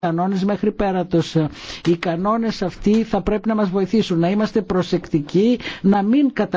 κανόνες μέχρι πέρατος. Οι κανόνες αυτοί θα πρέπει να μας βοηθήσουν, να είμαστε προσεκτικοί, να μην κατα